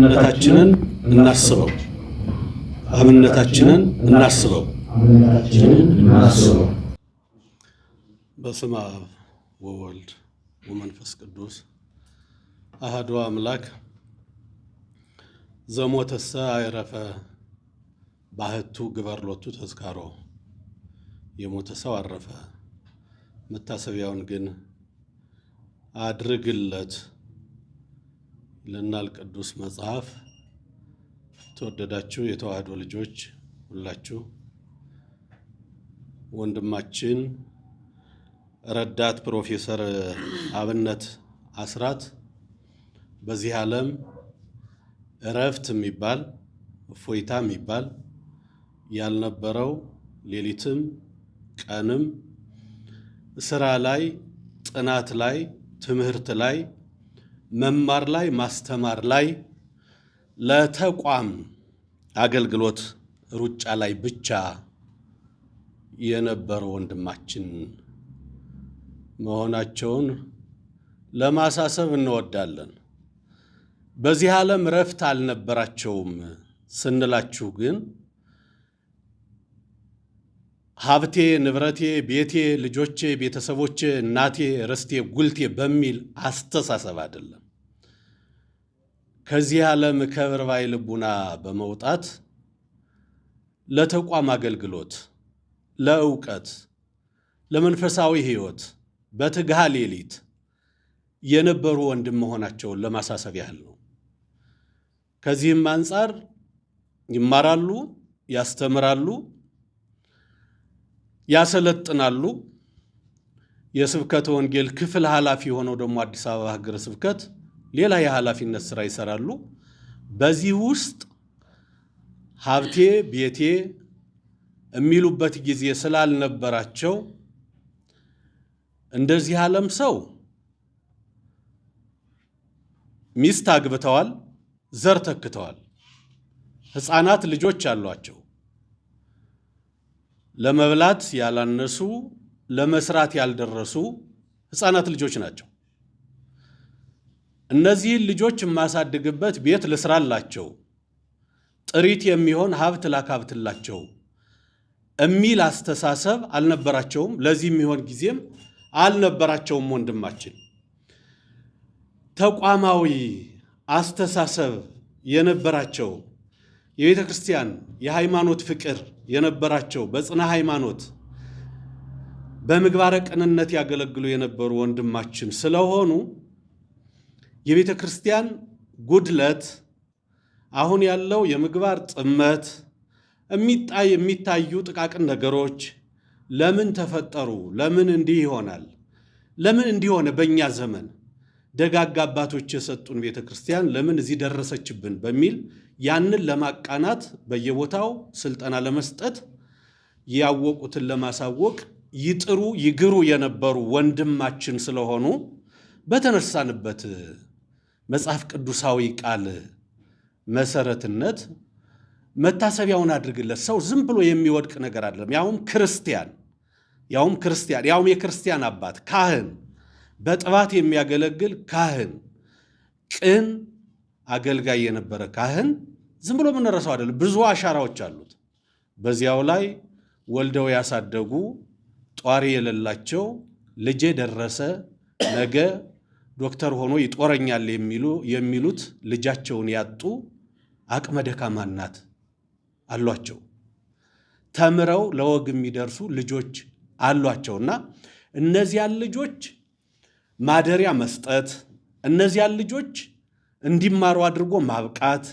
አብነታችንን እናስበው አብነታችንን እናስበው በስመ አብ ወወልድ ወመንፈስ ቅዱስ አህዶ አምላክ ዘሞተሰ አይረፈ ባህቱ ግበርሎቱ ተዝካሮ የሞተ ሰው አረፈ፣ መታሰቢያውን ግን አድርግለት ለናል ቅዱስ መጽሐፍ የተወደዳችሁ የተዋህዶ ልጆች ሁላችሁ ወንድማችን ረዳት ፕሮፌሰር አብነት አስራት በዚህ ዓለም እረፍት የሚባል እፎይታ የሚባል ያልነበረው ሌሊትም ቀንም ስራ ላይ ጥናት ላይ ትምህርት ላይ መማር ላይ ማስተማር ላይ ለተቋም አገልግሎት ሩጫ ላይ ብቻ የነበሩ ወንድማችን መሆናቸውን ለማሳሰብ እንወዳለን። በዚህ ዓለም ረፍት አልነበራቸውም ስንላችሁ ግን ሀብቴ፣ ንብረቴ፣ ቤቴ፣ ልጆቼ፣ ቤተሰቦቼ፣ እናቴ፣ ርስቴ፣ ጉልቴ በሚል አስተሳሰብ አይደለም። ከዚህ ዓለም ከብር ባይ ልቡና በመውጣት ለተቋም አገልግሎት፣ ለእውቀት፣ ለመንፈሳዊ ሕይወት በትግሃ ሌሊት የነበሩ ወንድም መሆናቸውን ለማሳሰብ ያህል ነው። ከዚህም አንጻር ይማራሉ፣ ያስተምራሉ ያሰለጥናሉ። የስብከተ ወንጌል ክፍል ኃላፊ ሆነው ደግሞ አዲስ አበባ ሀገረ ስብከት ሌላ የኃላፊነት ስራ ይሰራሉ። በዚህ ውስጥ ሀብቴ ቤቴ የሚሉበት ጊዜ ስላልነበራቸው እንደዚህ ዓለም ሰው ሚስት አግብተዋል፣ ዘር ተክተዋል፣ ሕፃናት ልጆች አሏቸው። ለመብላት ያላነሱ ለመስራት ያልደረሱ ህፃናት ልጆች ናቸው። እነዚህን ልጆች የማሳድግበት ቤት ልስራላቸው፣ ጥሪት የሚሆን ሀብት ላካብትላቸው የሚል አስተሳሰብ አልነበራቸውም። ለዚህ የሚሆን ጊዜም አልነበራቸውም። ወንድማችን ተቋማዊ አስተሳሰብ የነበራቸው የቤተ ክርስቲያን የሃይማኖት ፍቅር የነበራቸው በጽነ ሃይማኖት በምግባረ ቅንነት ያገለግሉ የነበሩ ወንድማችን ስለሆኑ የቤተ ክርስቲያን ጉድለት አሁን ያለው የምግባር ጥመት የሚጣይ የሚታዩ ጥቃቅን ነገሮች ለምን ተፈጠሩ? ለምን እንዲህ ይሆናል? ለምን እንዲሆነ በእኛ ዘመን ደጋግ አባቶች የሰጡን ቤተ ክርስቲያን ለምን እዚህ ደረሰችብን? በሚል ያንን ለማቃናት በየቦታው ስልጠና ለመስጠት ያወቁትን ለማሳወቅ ይጥሩ ይግሩ የነበሩ ወንድማችን ስለሆኑ በተነሳንበት መጽሐፍ ቅዱሳዊ ቃል መሰረትነት መታሰቢያውን አድርግለት። ሰው ዝም ብሎ የሚወድቅ ነገር አይደለም። ያውም ክርስቲያን ያውም ክርስቲያን ያውም የክርስቲያን አባት ካህን፣ በጥባት የሚያገለግል ካህን ቅን አገልጋይ የነበረ ካህን ዝም ብሎ የምንረሳው አይደለም። ብዙ አሻራዎች አሉት። በዚያው ላይ ወልደው ያሳደጉ ጧሪ የሌላቸው ልጄ ደረሰ ነገ ዶክተር ሆኖ ይጦረኛል የሚሉት ልጃቸውን ያጡ አቅመ ደካማ እናት አሏቸው። ተምረው ለወግ የሚደርሱ ልጆች አሏቸውና እነዚያን ልጆች ማደሪያ መስጠት እነዚያን ልጆች እንዲማሩ አድርጎ ማብቃት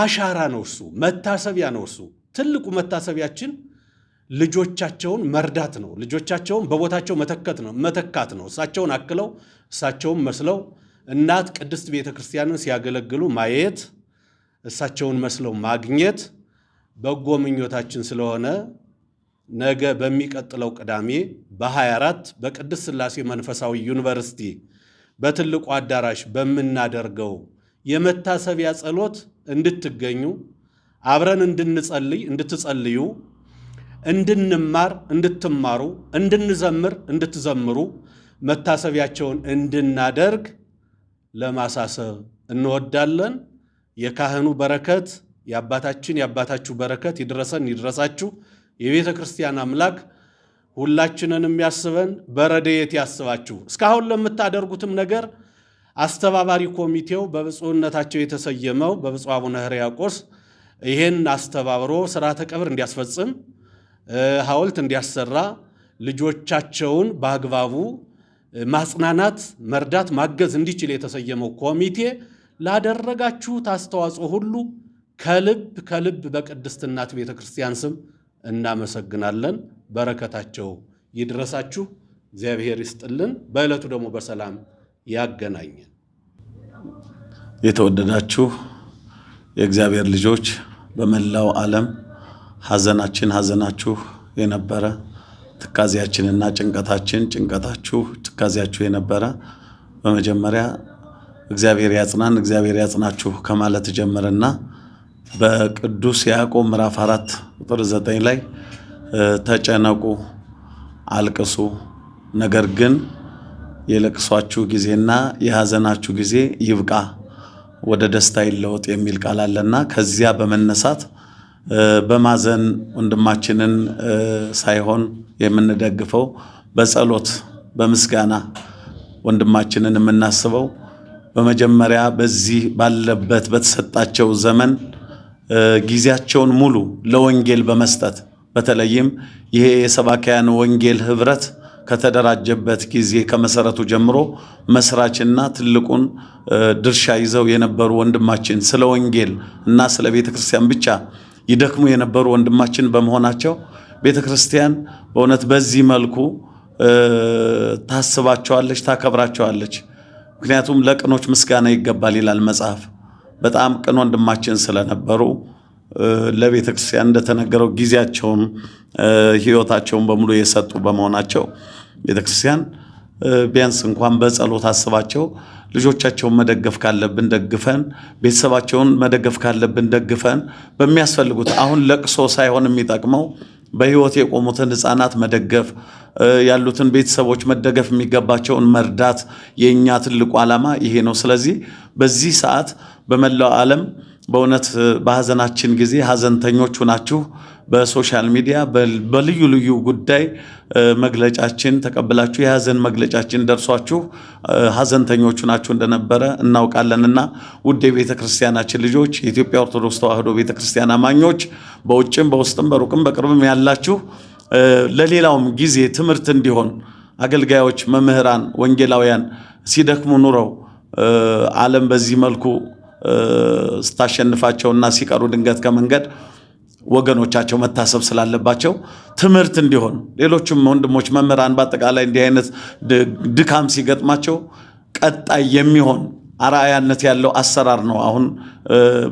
አሻራ ነው። እሱ መታሰቢያ ነው። እሱ ትልቁ መታሰቢያችን ልጆቻቸውን መርዳት ነው። ልጆቻቸውን በቦታቸው መተካት ነው። እሳቸውን አክለው እሳቸውን መስለው እናት ቅድስት ቤተ ክርስቲያንን ሲያገለግሉ ማየት እሳቸውን መስለው ማግኘት በጎ ምኞታችን ስለሆነ ነገ በሚቀጥለው ቅዳሜ በ24 በቅድስት ሥላሴ መንፈሳዊ ዩኒቨርሲቲ በትልቁ አዳራሽ በምናደርገው የመታሰቢያ ጸሎት እንድትገኙ አብረን እንድንጸልይ እንድትጸልዩ እንድንማር እንድትማሩ እንድንዘምር እንድትዘምሩ መታሰቢያቸውን እንድናደርግ ለማሳሰብ እንወዳለን። የካህኑ በረከት የአባታችን የአባታችሁ በረከት ይድረሰን ይድረሳችሁ። የቤተ ክርስቲያን አምላክ ሁላችንንም ያስበን፣ በረድኤት ያስባችሁ። እስካሁን ለምታደርጉትም ነገር አስተባባሪ ኮሚቴው በብፁዕነታቸው የተሰየመው በብፁዕ አቡነ ሕርያቆስ ይህን አስተባብሮ ስርዓተ ቀብር እንዲያስፈጽም፣ ሐውልት እንዲያሰራ፣ ልጆቻቸውን በአግባቡ ማጽናናት፣ መርዳት፣ ማገዝ እንዲችል የተሰየመው ኮሚቴ ላደረጋችሁት አስተዋጽኦ ሁሉ ከልብ ከልብ በቅድስት እናት ቤተ ክርስቲያን ስም እናመሰግናለን። በረከታቸው ይድረሳችሁ። እግዚአብሔር ይስጥልን። በዕለቱ ደግሞ በሰላም ያገናኘን። የተወደዳችሁ የእግዚአብሔር ልጆች በመላው ዓለም ሐዘናችን ሐዘናችሁ የነበረ ትካዜያችንና ጭንቀታችን ጭንቀታችሁ ትካዜያችሁ የነበረ በመጀመሪያ እግዚአብሔር ያጽናን እግዚአብሔር ያጽናችሁ ከማለት ጀምርና በቅዱስ ያዕቆብ ምዕራፍ አራት ቁጥር ዘጠኝ ላይ ተጨነቁ፣ አልቅሱ። ነገር ግን የለቅሷችሁ ጊዜና የሐዘናችሁ ጊዜ ይብቃ፣ ወደ ደስታ ይለወጥ የሚል ቃል አለና ከዚያ በመነሳት በማዘን ወንድማችንን ሳይሆን የምንደግፈው በጸሎት በምስጋና ወንድማችንን የምናስበው በመጀመሪያ በዚህ ባለበት በተሰጣቸው ዘመን ጊዜያቸውን ሙሉ ለወንጌል በመስጠት በተለይም ይሄ የሰባካያን ወንጌል ህብረት ከተደራጀበት ጊዜ ከመሰረቱ ጀምሮ መስራችና ትልቁን ድርሻ ይዘው የነበሩ ወንድማችን ስለ ወንጌል እና ስለ ቤተ ክርስቲያን ብቻ ይደክሙ የነበሩ ወንድማችን በመሆናቸው ቤተ ክርስቲያን በእውነት በዚህ መልኩ ታስባቸዋለች፣ ታከብራቸዋለች። ምክንያቱም ለቅኖች ምስጋና ይገባል ይላል መጽሐፍ። በጣም ቅን ወንድማችን ስለነበሩ ለቤተ ክርስቲያን እንደተነገረው ጊዜያቸውን ህይወታቸውን በሙሉ የሰጡ በመሆናቸው ቤተ ክርስቲያን ቢያንስ እንኳን በጸሎት አስባቸው ልጆቻቸውን መደገፍ ካለብን ደግፈን፣ ቤተሰባቸውን መደገፍ ካለብን ደግፈን በሚያስፈልጉት አሁን ለቅሶ ሳይሆን የሚጠቅመው በህይወት የቆሙትን ህፃናት መደገፍ ያሉትን ቤተሰቦች መደገፍ የሚገባቸውን መርዳት የእኛ ትልቁ ዓላማ ይሄ ነው። ስለዚህ በዚህ ሰዓት በመላው ዓለም በእውነት በሐዘናችን ጊዜ ሐዘንተኞች ሁናችሁ በሶሻል ሚዲያ በልዩ ልዩ ጉዳይ መግለጫችን ተቀብላችሁ የሐዘን መግለጫችን ደርሷችሁ ሀዘንተኞቹ ሁናችሁ እንደነበረ እናውቃለንና ውድ የቤተ ክርስቲያናችን ልጆች የኢትዮጵያ ኦርቶዶክስ ተዋሕዶ ቤተ ክርስቲያን አማኞች በውጭም በውስጥም በሩቅም በቅርብም ያላችሁ ለሌላውም ጊዜ ትምህርት እንዲሆን አገልጋዮች፣ መምህራን፣ ወንጌላውያን ሲደክሙ ኑረው ዓለም በዚህ መልኩ ስታሸንፋቸውና ሲቀሩ ድንገት ከመንገድ ወገኖቻቸው መታሰብ ስላለባቸው ትምህርት እንዲሆን ሌሎችም ወንድሞች መምህራን በአጠቃላይ እንዲህ አይነት ድካም ሲገጥማቸው ቀጣይ የሚሆን አርአያነት ያለው አሰራር ነው። አሁን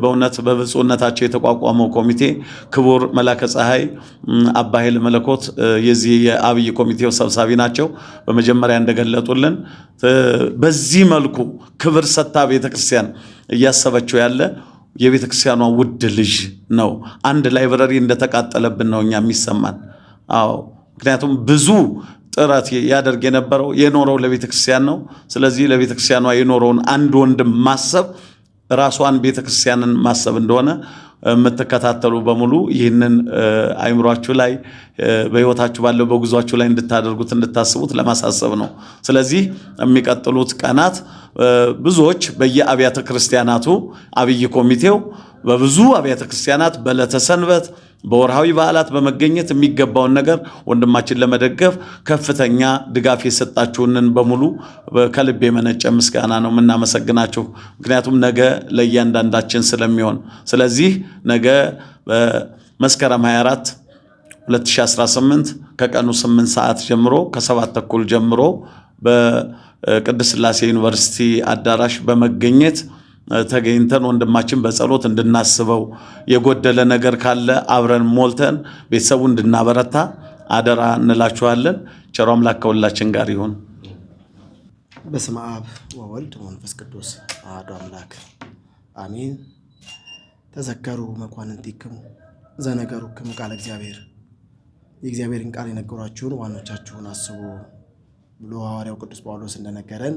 በእውነት በብፁዕነታቸው የተቋቋመው ኮሚቴ ክቡር መላከ ፀሐይ አባ ኃይለ መለኮት የዚህ የአብይ ኮሚቴው ሰብሳቢ ናቸው። በመጀመሪያ እንደገለጡልን በዚህ መልኩ ክብር ሰታ ቤተክርስቲያን እያሰበችው ያለ የቤተ ክርስቲያኗ ውድ ልጅ ነው። አንድ ላይብረሪ እንደተቃጠለብን ነው እኛ የሚሰማን። አዎ ምክንያቱም ብዙ ጥረት ያደርግ የነበረው የኖረው ለቤተ ክርስቲያን ነው። ስለዚህ ለቤተ ክርስቲያኗ የኖረውን አንድ ወንድም ማሰብ ራሷን ቤተ ክርስቲያንን ማሰብ እንደሆነ የምትከታተሉ በሙሉ ይህንን አይምሯችሁ ላይ በህይወታችሁ ባለው በጉዟችሁ ላይ እንድታደርጉት እንድታስቡት ለማሳሰብ ነው። ስለዚህ የሚቀጥሉት ቀናት ብዙዎች በየአብያተ ክርስቲያናቱ አብይ ኮሚቴው በብዙ አብያተ ክርስቲያናት በዕለተ ሰንበት በወርሃዊ በዓላት በመገኘት የሚገባውን ነገር ወንድማችን ለመደገፍ ከፍተኛ ድጋፍ የሰጣችሁንን በሙሉ ከልብ የመነጨ ምስጋና ነው የምናመሰግናችሁ። ምክንያቱም ነገ ለእያንዳንዳችን ስለሚሆን፣ ስለዚህ ነገ በመስከረም 24 2018 ከቀኑ 8 ሰዓት ጀምሮ ከሰባት ተኩል ጀምሮ በቅድስት ሥላሴ ዩኒቨርሲቲ አዳራሽ በመገኘት ተገኝተን ወንድማችን በጸሎት እንድናስበው የጎደለ ነገር ካለ አብረን ሞልተን ቤተሰቡ እንድናበረታ አደራ እንላችኋለን። ቸሮ አምላክ ከሁላችን ጋር ይሁን። በስመ አብ ወወልድ መንፈስ ቅዱስ አሐዱ አምላክ አሜን። ተዘከሩ መኳንንቲክሙ ዘነገሩክሙ ቃለ እግዚአብሔር፣ የእግዚአብሔርን ቃል የነገሯችሁን ዋኖቻችሁን አስቡ ብሎ ሐዋርያው ቅዱስ ጳውሎስ እንደነገረን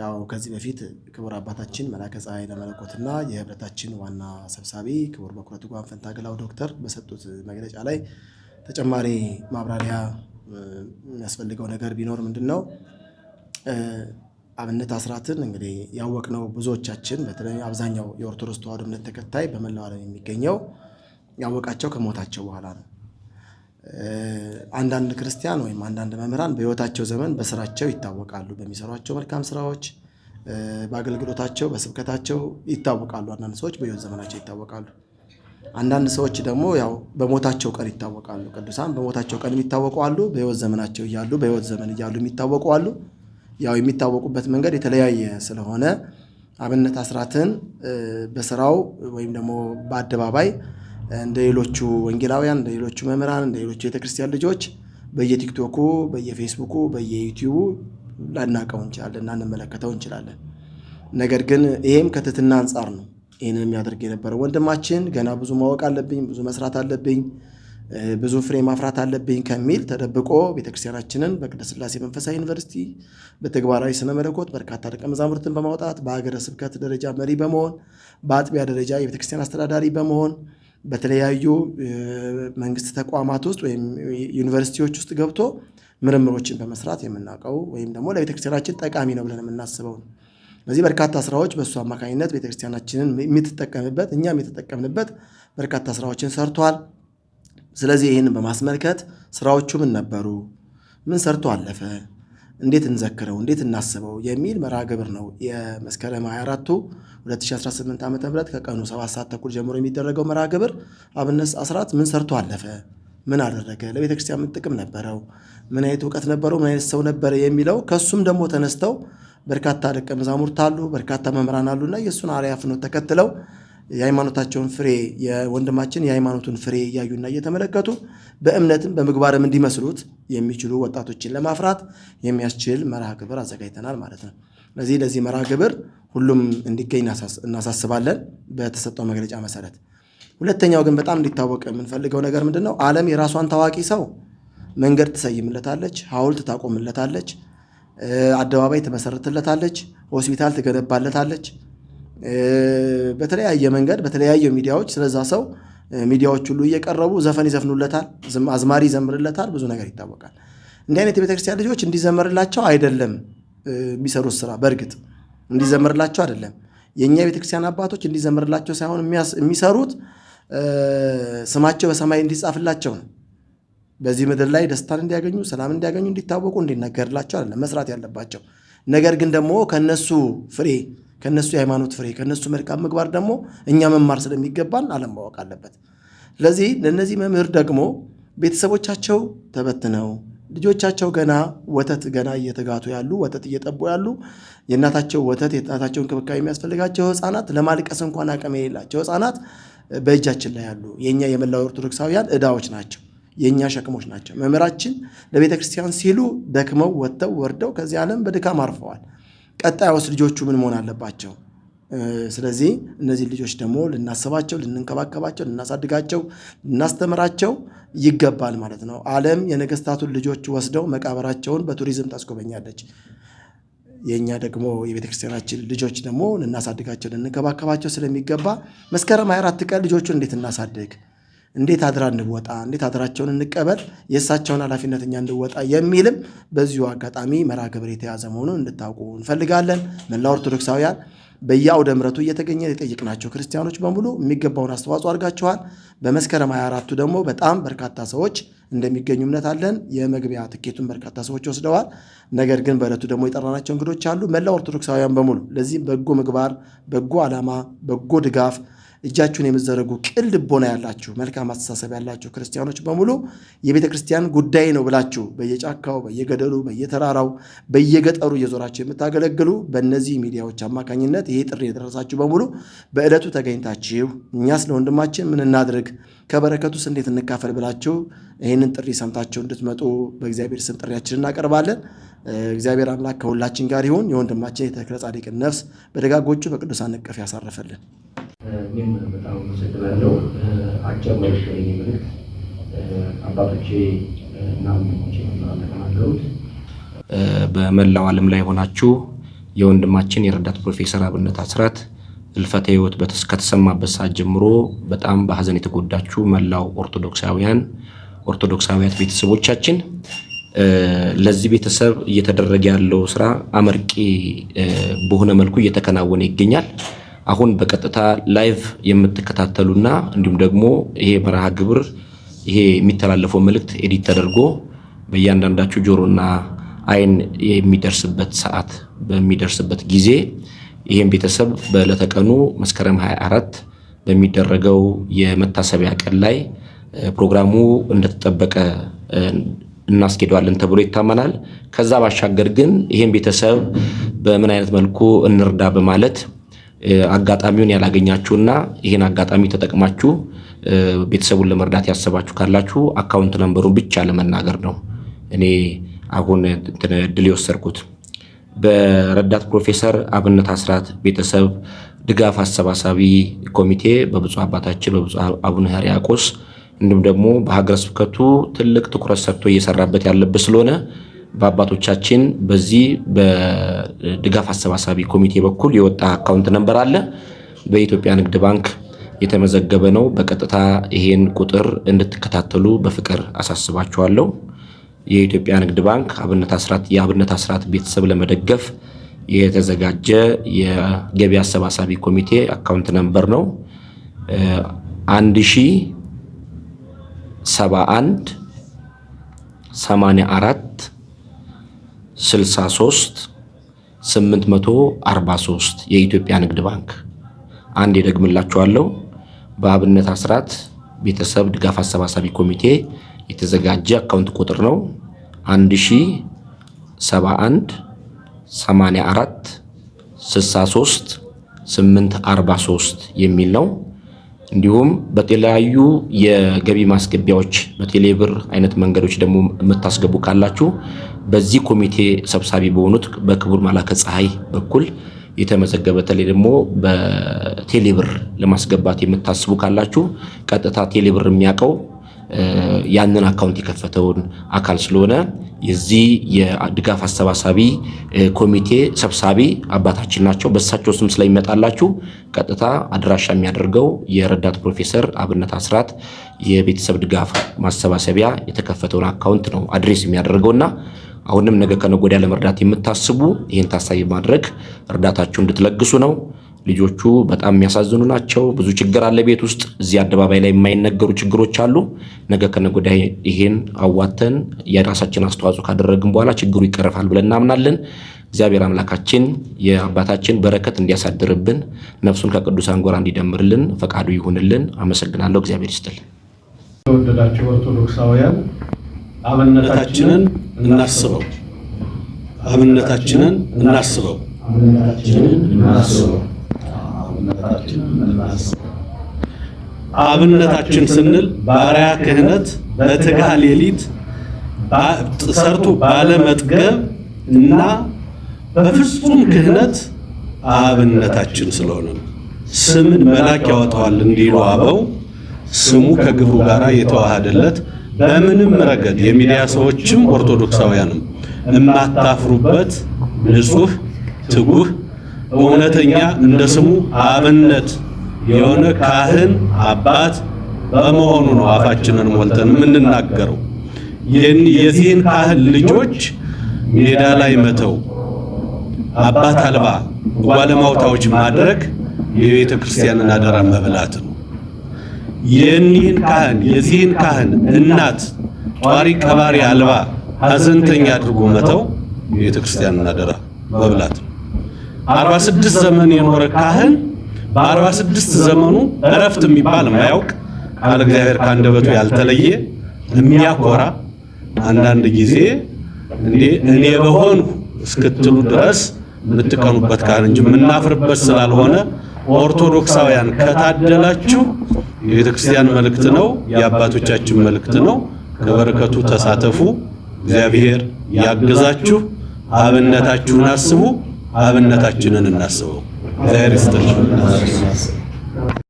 ያው ከዚህ በፊት ክቡር አባታችን መላከ ፀሐይ ለመለኮትና የህብረታችን ዋና ሰብሳቢ ክቡር በኩረ ትጉሃን ፈንታገላው ዶክተር በሰጡት መግለጫ ላይ ተጨማሪ ማብራሪያ የሚያስፈልገው ነገር ቢኖር ምንድን ነው አብነት አስራትን እንግዲህ ያወቅነው ብዙዎቻችን በተለይ አብዛኛው የኦርቶዶክስ ተዋህዶ እምነት ተከታይ በመላው ዓለም የሚገኘው ያወቃቸው ከሞታቸው በኋላ ነው። አንዳንድ ክርስቲያን ወይም አንዳንድ መምህራን በህይወታቸው ዘመን በስራቸው ይታወቃሉ። በሚሰሯቸው መልካም ስራዎች፣ በአገልግሎታቸው፣ በስብከታቸው ይታወቃሉ። አንዳንድ ሰዎች በህይወት ዘመናቸው ይታወቃሉ። አንዳንድ ሰዎች ደግሞ ያው በሞታቸው ቀን ይታወቃሉ። ቅዱሳን በሞታቸው ቀን የሚታወቁ አሉ። በህይወት ዘመናቸው እያሉ በህይወት ዘመን እያሉ የሚታወቁ አሉ። ያው የሚታወቁበት መንገድ የተለያየ ስለሆነ አብነት አስራትን በስራው ወይም ደግሞ በአደባባይ እንደ ሌሎቹ ወንጌላውያን፣ እንደ ሌሎቹ መምህራን፣ እንደ ሌሎቹ ቤተክርስቲያን ልጆች በየቲክቶኩ፣ በየፌስቡኩ፣ በየዩቲዩቡ ላናቀው እንችላለን፣ እንመለከተው እንችላለን። ነገር ግን ይሄም ከትትና አንጻር ነው። ይህንን የሚያደርግ የነበረው ወንድማችን ገና ብዙ ማወቅ አለብኝ፣ ብዙ መስራት አለብኝ፣ ብዙ ፍሬ ማፍራት አለብኝ ከሚል ተደብቆ ቤተክርስቲያናችንን በቅድስት ሥላሴ መንፈሳዊ ዩኒቨርሲቲ በተግባራዊ ስነ መለኮት በርካታ ደቀ መዛሙርትን በማውጣት በሀገረ ስብከት ደረጃ መሪ በመሆን በአጥቢያ ደረጃ የቤተክርስቲያን አስተዳዳሪ በመሆን በተለያዩ መንግስት ተቋማት ውስጥ ወይም ዩኒቨርሲቲዎች ውስጥ ገብቶ ምርምሮችን በመስራት የምናውቀው ወይም ደግሞ ለቤተክርስቲያናችን ጠቃሚ ነው ብለን የምናስበው ነው። እነዚህ በርካታ ስራዎች በእሱ አማካኝነት ቤተክርስቲያናችንን የምትጠቀምበት እኛም የተጠቀምንበት በርካታ ስራዎችን ሰርቷል። ስለዚህ ይህንን በማስመልከት ስራዎቹ ምን ነበሩ? ምን ሰርቶ አለፈ? እንዴት እንዘክረው፣ እንዴት እናስበው የሚል መርሃ ግብር ነው የመስከረም 24 2018 ዓ ም ከቀኑ 7 ሰዓት ተኩል ጀምሮ የሚደረገው መርሃ ግብር አብነት አስራት ምን ሰርቶ አለፈ፣ ምን አደረገ፣ ለቤተ ክርስቲያን ምን ጥቅም ነበረው፣ ምን አይነት እውቀት ነበረው፣ ምን አይነት ሰው ነበረ የሚለው ከሱም ደግሞ ተነስተው በርካታ ደቀ መዛሙርት አሉ፣ በርካታ መምህራን አሉና የእሱን አርአያ ፍኖት ተከትለው የሃይማኖታቸውን ፍሬ የወንድማችን የሃይማኖቱን ፍሬ እያዩና እየተመለከቱ በእምነትም በምግባርም እንዲመስሉት የሚችሉ ወጣቶችን ለማፍራት የሚያስችል መርሃ ግብር አዘጋጅተናል ማለት ነው። ስለዚህ ለዚህ መርሃ ግብር ሁሉም እንዲገኝ እናሳስባለን በተሰጠው መግለጫ መሰረት። ሁለተኛው ግን በጣም እንዲታወቅ የምንፈልገው ነገር ምንድን ነው? ዓለም የራሷን ታዋቂ ሰው መንገድ ትሰይምለታለች፣ ሐውልት ታቆምለታለች፣ አደባባይ ትመሰርትለታለች፣ ሆስፒታል ትገነባለታለች። በተለያየ መንገድ በተለያዩ ሚዲያዎች ስለዛ ሰው ሚዲያዎች ሁሉ እየቀረቡ ዘፈን ይዘፍኑለታል፣ አዝማሪ ይዘምርለታል፣ ብዙ ነገር ይታወቃል። እንዲህ አይነት የቤተክርስቲያን ልጆች እንዲዘምርላቸው አይደለም የሚሰሩት ስራ። በእርግጥ እንዲዘምርላቸው አይደለም የእኛ የቤተክርስቲያን አባቶች እንዲዘምርላቸው ሳይሆን የሚሰሩት ስማቸው በሰማይ እንዲጻፍላቸው ነው። በዚህ ምድር ላይ ደስታን እንዲያገኙ፣ ሰላም እንዲያገኙ፣ እንዲታወቁ፣ እንዲነገርላቸው አይደለም መስራት ያለባቸው ነገር ግን ደግሞ ከነሱ ፍሬ ከነሱ የሃይማኖት ፍሬ ከነሱ መልካም ምግባር ደግሞ እኛ መማር ስለሚገባን ዓለም ማወቅ አለበት። ስለዚህ ለእነዚህ መምህር ደግሞ ቤተሰቦቻቸው ተበትነው ልጆቻቸው ገና ወተት ገና እየተጋቱ ያሉ ወተት እየጠቡ ያሉ የእናታቸው ወተት የእናታቸው እንክብካቤ የሚያስፈልጋቸው ህፃናት ለማልቀስ እንኳን አቅም የሌላቸው ህፃናት በእጃችን ላይ ያሉ የእኛ የመላው ኦርቶዶክሳውያን እዳዎች ናቸው፣ የእኛ ሸክሞች ናቸው። መምህራችን ለቤተ ክርስቲያን ሲሉ ደክመው ወጥተው ወርደው ከዚህ ዓለም በድካም አርፈዋል። ቀጣይ ወስ ልጆቹ ምን መሆን አለባቸው? ስለዚህ እነዚህ ልጆች ደግሞ ልናስባቸው፣ ልንንከባከባቸው፣ ልናሳድጋቸው፣ ልናስተምራቸው ይገባል ማለት ነው። ዓለም የነገስታቱን ልጆች ወስደው መቃብራቸውን በቱሪዝም ታስጎበኛለች። የእኛ ደግሞ የቤተክርስቲያናችን ልጆች ደግሞ ልናሳድጋቸው፣ ልንከባከባቸው ስለሚገባ መስከረም 24 ቀን ልጆቹን እንዴት እናሳድግ እንዴት አድራ እንወጣ፣ እንዴት አድራቸውን እንቀበል፣ የእሳቸውን ኃላፊነት እኛ እንወጣ የሚልም በዚሁ አጋጣሚ መርሃ ግብር የተያዘ መሆኑን እንድታውቁ እንፈልጋለን። መላ ኦርቶዶክሳውያን በየአውደ ምሕረቱ እየተገኘ የጠየቅናቸው ክርስቲያኖች በሙሉ የሚገባውን አስተዋጽኦ አድርጋችኋል። በመስከረም 24ቱ ደግሞ በጣም በርካታ ሰዎች እንደሚገኙ እምነት አለን። የመግቢያ ትኬቱን በርካታ ሰዎች ወስደዋል። ነገር ግን በእለቱ ደግሞ የጠራናቸው እንግዶች አሉ። መላ ኦርቶዶክሳውያን በሙሉ ለዚህ በጎ ምግባር፣ በጎ ዓላማ፣ በጎ ድጋፍ እጃችሁን የምዘረጉ ቅል ልቦና ያላችሁ መልካም አስተሳሰብ ያላችሁ ክርስቲያኖች በሙሉ የቤተ ክርስቲያን ጉዳይ ነው ብላችሁ በየጫካው፣ በየገደሉ፣ በየተራራው፣ በየገጠሩ እየዞራችሁ የምታገለግሉ በእነዚህ ሚዲያዎች አማካኝነት ይሄ ጥሪ የደረሳችሁ በሙሉ በዕለቱ ተገኝታችሁ እኛስ ለወንድማችን ምን እናድርግ ከበረከቱስ እንዴት እንካፈል ብላችሁ ይህንን ጥሪ ሰምታችሁ እንድትመጡ በእግዚአብሔር ስም ጥሪያችን እናቀርባለን። እግዚአብሔር አምላክ ከሁላችን ጋር ይሁን። የወንድማችን የተክለ ጻድቅን ነፍስ በደጋጎቹ በቅዱሳን እቅፍ ያሳረፈልን። እኔም በጣም አመሰግናለሁ። አጭር መልስ ወይ ምልክት አባቶቼ እና ወንድሞቼ ተናገሩት። በመላው ዓለም ላይ ሆናችሁ የወንድማችን የረዳት ፕሮፌሰር አብነት አስራት እልፈተ ሕይወት ከተሰማበት ሰዓት ጀምሮ በጣም በሐዘን የተጎዳችሁ መላው ኦርቶዶክሳውያን ኦርቶዶክሳውያት ቤተሰቦቻችን ለዚህ ቤተሰብ እየተደረገ ያለው ስራ አመርቂ በሆነ መልኩ እየተከናወነ ይገኛል። አሁን በቀጥታ ላይቭ የምትከታተሉና እንዲሁም ደግሞ ይሄ መርሃ ግብር ይሄ የሚተላለፈው መልእክት ኤዲት ተደርጎ በእያንዳንዳችሁ ጆሮና አይን የሚደርስበት ሰዓት በሚደርስበት ጊዜ ይህም ቤተሰብ በዕለተ ቀኑ መስከረም 24 በሚደረገው የመታሰቢያ ቀን ላይ ፕሮግራሙ እንደተጠበቀ እናስኬደዋለን ተብሎ ይታመናል። ከዛ ባሻገር ግን ይህም ቤተሰብ በምን አይነት መልኩ እንርዳ በማለት አጋጣሚውን ያላገኛችሁና ይህን አጋጣሚ ተጠቅማችሁ ቤተሰቡን ለመርዳት ያሰባችሁ ካላችሁ አካውንት ነንበሩን ብቻ ለመናገር ነው እኔ አሁን እድል የወሰድኩት። በረዳት ፕሮፌሰር አብነት አስራት ቤተሰብ ድጋፍ አሰባሳቢ ኮሚቴ በብፁ አባታችን በብፁዕ አቡነ ሕርያቆስ እንዲሁም ደግሞ በሀገረ ስብከቱ ትልቅ ትኩረት ሰጥቶ እየሰራበት ያለበት ስለሆነ በአባቶቻችን በዚህ በድጋፍ አሰባሳቢ ኮሚቴ በኩል የወጣ አካውንት ነንበር አለ። በኢትዮጵያ ንግድ ባንክ የተመዘገበ ነው። በቀጥታ ይሄን ቁጥር እንድትከታተሉ በፍቅር አሳስባችኋለሁ። የኢትዮጵያ ንግድ ባንክ የአብነት አስራት ቤተሰብ ለመደገፍ የተዘጋጀ የገቢ አሰባሳቢ ኮሚቴ አካውንት ነንበር ነው 1071 84 63 843 የኢትዮጵያ ንግድ ባንክ። አንድ የደግምላችኋለሁ። በአብነት አስራት ቤተሰብ ድጋፍ አሰባሳቢ ኮሚቴ የተዘጋጀ አካውንት ቁጥር ነው 1071 84 63 843 የሚል ነው። እንዲሁም በተለያዩ የገቢ ማስገቢያዎች በቴሌብር አይነት መንገዶች ደግሞ የምታስገቡ ካላችሁ በዚህ ኮሚቴ ሰብሳቢ በሆኑት በክቡር መላከ ፀሐይ በኩል የተመዘገበ በተለይ ደግሞ በቴሌብር ለማስገባት የምታስቡ ካላችሁ ቀጥታ ቴሌብር የሚያውቀው ያንን አካውንት የከፈተውን አካል ስለሆነ የዚህ የድጋፍ አሰባሳቢ ኮሚቴ ሰብሳቢ አባታችን ናቸው። በእሳቸው ስም ስለሚመጣላችሁ ቀጥታ አድራሻ የሚያደርገው የረዳት ፕሮፌሰር አብነት አስራት የቤተሰብ ድጋፍ ማሰባሰቢያ የተከፈተውን አካውንት ነው አድሬስ የሚያደርገውና አሁንም ነገ ከነገ ወዲያ ለመርዳት የምታስቡ ይህን ታሳቢ ማድረግ እርዳታችሁ እንድትለግሱ ነው። ልጆቹ በጣም የሚያሳዝኑ ናቸው። ብዙ ችግር አለ ቤት ውስጥ። እዚህ አደባባይ ላይ የማይነገሩ ችግሮች አሉ። ነገ ከነገ ወዲያ ይሄን አዋተን የራሳችን አስተዋጽኦ ካደረግን በኋላ ችግሩ ይቀረፋል ብለን እናምናለን። እግዚአብሔር አምላካችን የአባታችን በረከት እንዲያሳድርብን፣ ነፍሱን ከቅዱሳን ጎራ እንዲደምርልን ፈቃዱ ይሁንልን። አመሰግናለሁ። እግዚአብሔር ይስጥልን። ተወደዳችሁ ኦርቶዶክሳውያን አብነታችንን እናስበው አብነታችንን እናስበው አብነታችን ስንል ባሪያ ክህነት በትጋ ሌሊት ሰርቶ ባለመጥገብ እና በፍጹም ክህነት አብነታችን ስለሆነ ስምን መላክ ያወጣዋል እንዲሉ አበው ስሙ ከግብሩ ጋር የተዋሃደለት በምንም ረገድ የሚዲያ ሰዎችም ኦርቶዶክሳውያንም የማታፍሩበት ንጹህ፣ ትጉህ፣ እውነተኛ እንደ ስሙ አብነት የሆነ ካህን አባት በመሆኑ ነው አፋችንን ሞልተን የምንናገረው። የዚህን ካህን ልጆች ሜዳ ላይ መተው አባት አልባ ጓለማውታዎች ማድረግ የቤተ ክርስቲያንን አደራ መብላት ነው። የኒህን ካህን የዚህን ካህን እናት ጧሪ ቀባሪ አልባ ሐዘንተኛ አድርጎ መተው ቤተ ክርስቲያን እናደራ መብላት ነው። ዘመን የኖረ ካህን በ46 ዘመኑ እረፍት የሚባል የማያውቅ ቃል እግዚአብሔር ካንደበቱ ያልተለየ የሚያኮራ አንዳንድ ጊዜ እንዴ እኔ በሆኑ እስክትሉ ድረስ የምትቀኑበት ካህን እንጂ የምናፍርበት ስላልሆነ ኦርቶዶክሳውያን ከታደላችሁ የቤተ ክርስቲያን መልእክት ነው፣ የአባቶቻችን መልእክት ነው። ከበረከቱ ተሳተፉ። እግዚአብሔር ያግዛችሁ። አብነታችሁን አስቡ፣ አብነታችንን እናስበው። እግዚአብሔር ይስጥልን።